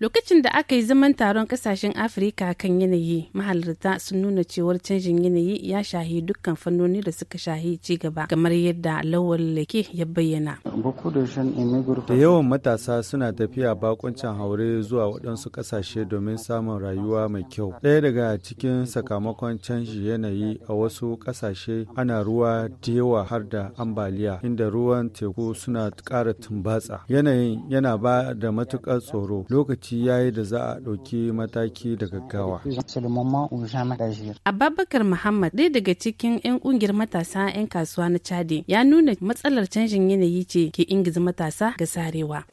lokacin da aka yi zaman taron kasashen afirka kan yanayi mahalarta sun nuna cewar canjin yanayi ya shahi dukkan fannoni da suka shahi ci gaba kamar yadda lawal lake ya bayyana da yawan matasa suna tafiya bakuncin haure zuwa waɗansu kasashe domin samun rayuwa mai kyau ɗaya daga cikin sakamakon canji yanayi a wasu kasashe ana ruwa da yawa har da ambaliya inda ruwan teku suna ƙara tumbatsa yanayin yana ba da matukar tsoro lokaci lokaci ya da za a ɗauki mataki da gaggawa. Ababakar Muhammad ɗaya daga cikin 'yan ƙungiyar matasa 'yan kasuwa na Chade ya nuna matsalar canjin yanayi ce ke ingiza matasa ga sarewa.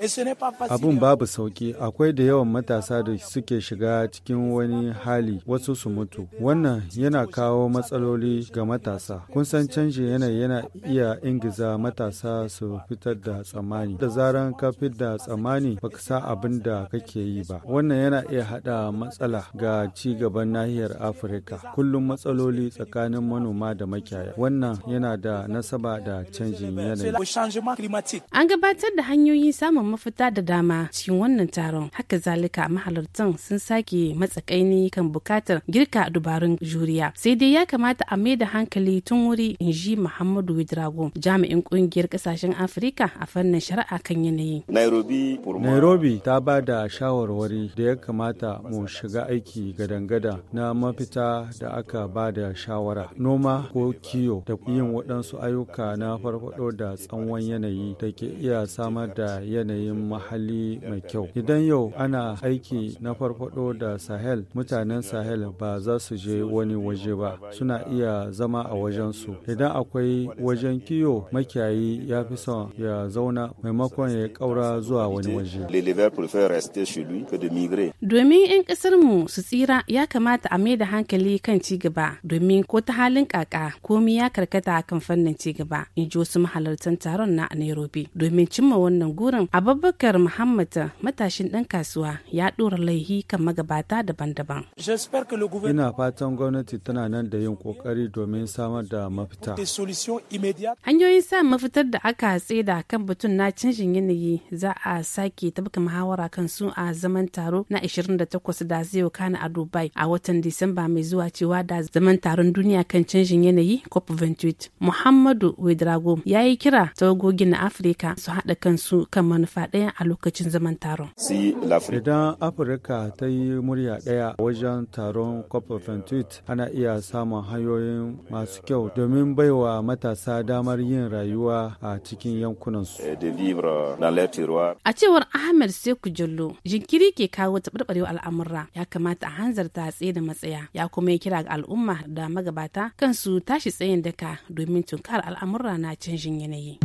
Abun babu sauki akwai da yawan matasa da suke shiga cikin wani hali wasu su mutu. Wannan yana kawo matsaloli ga matasa. Kun san canjin yanayi yana iya ingiza matasa su fitar da tsammani. Da zaran ka fitar da tsammani baka sa abin da kake yi ba wannan yana iya hada matsala ga ci gaban nahiyar afirka kullum matsaloli tsakanin manoma da makiyaya wannan yana da nasaba da canjin yanayi an gabatar da hanyoyin samun mafita da dama cikin wannan taron haka zalika mahalartan sun sake matsakaini kan bukatar girka dubarun juriya sai dai ya kamata a mai hankali tun wuri in ji muhammadu widrago jami'in kungiyar kasashen afirka a fannin shari'a kan yanayi nairobi ta ba da shawarwari da ya kamata mu shiga aiki gadangada na mafita da aka ba da shawara noma ko kiyo da yin waɗansu ayyuka na farfaɗo da tsawon yanayi da ke iya samar da yanayin mahalli mai kyau idan yau ana aiki na farfaɗo da sahel mutanen sahel ba za su je wani waje ba suna iya zama a wajensu idan akwai wajen kiyo makiyayi ya fi son ya zauna maimakon ya ƙaura zuwa wani waje Domin 'yan mu su tsira ya kamata a mai da hankali kan ci gaba domin ko ta halin kaka komi ya karkata kan fannin ci gaba in ji wasu mahalartan taron na Nairobi. Domin cimma wannan gurin Abubakar Muhammad matashin dan kasuwa ya ɗora laihi kan magabata daban-daban. Ina fatan gwamnati tana nan da yin ƙoƙari domin samar da mafita. Hanyoyin sa mafitar da aka hatse da kan batun na canjin yanayi za a sake tabka muhawara kan su a zaman taro na 28 da zai kana a Dubai a watan Disamba mai zuwa cewa da zaman taron duniya kan canjin yanayi COP28. Muhammadu Wedrago ya yi kira tawagogin na Afirka su haɗa kansu kan manufa ɗaya a lokacin zaman taron. Idan Afirka ta yi murya ɗaya wajen taron COP28 ana iya samun hanyoyin masu kyau domin baiwa matasa damar yin rayuwa a cikin yankunansu. A cewar Ahmed Seku Jallo, jinkiri ke kawo taɓarɓarewar al'amura ya kamata a hanzarta tsaye da matsaya ya kuma yi kira ga al'umma da magabata kansu tashi tsayin daka domin tunkar al'amura na canjin yanayi.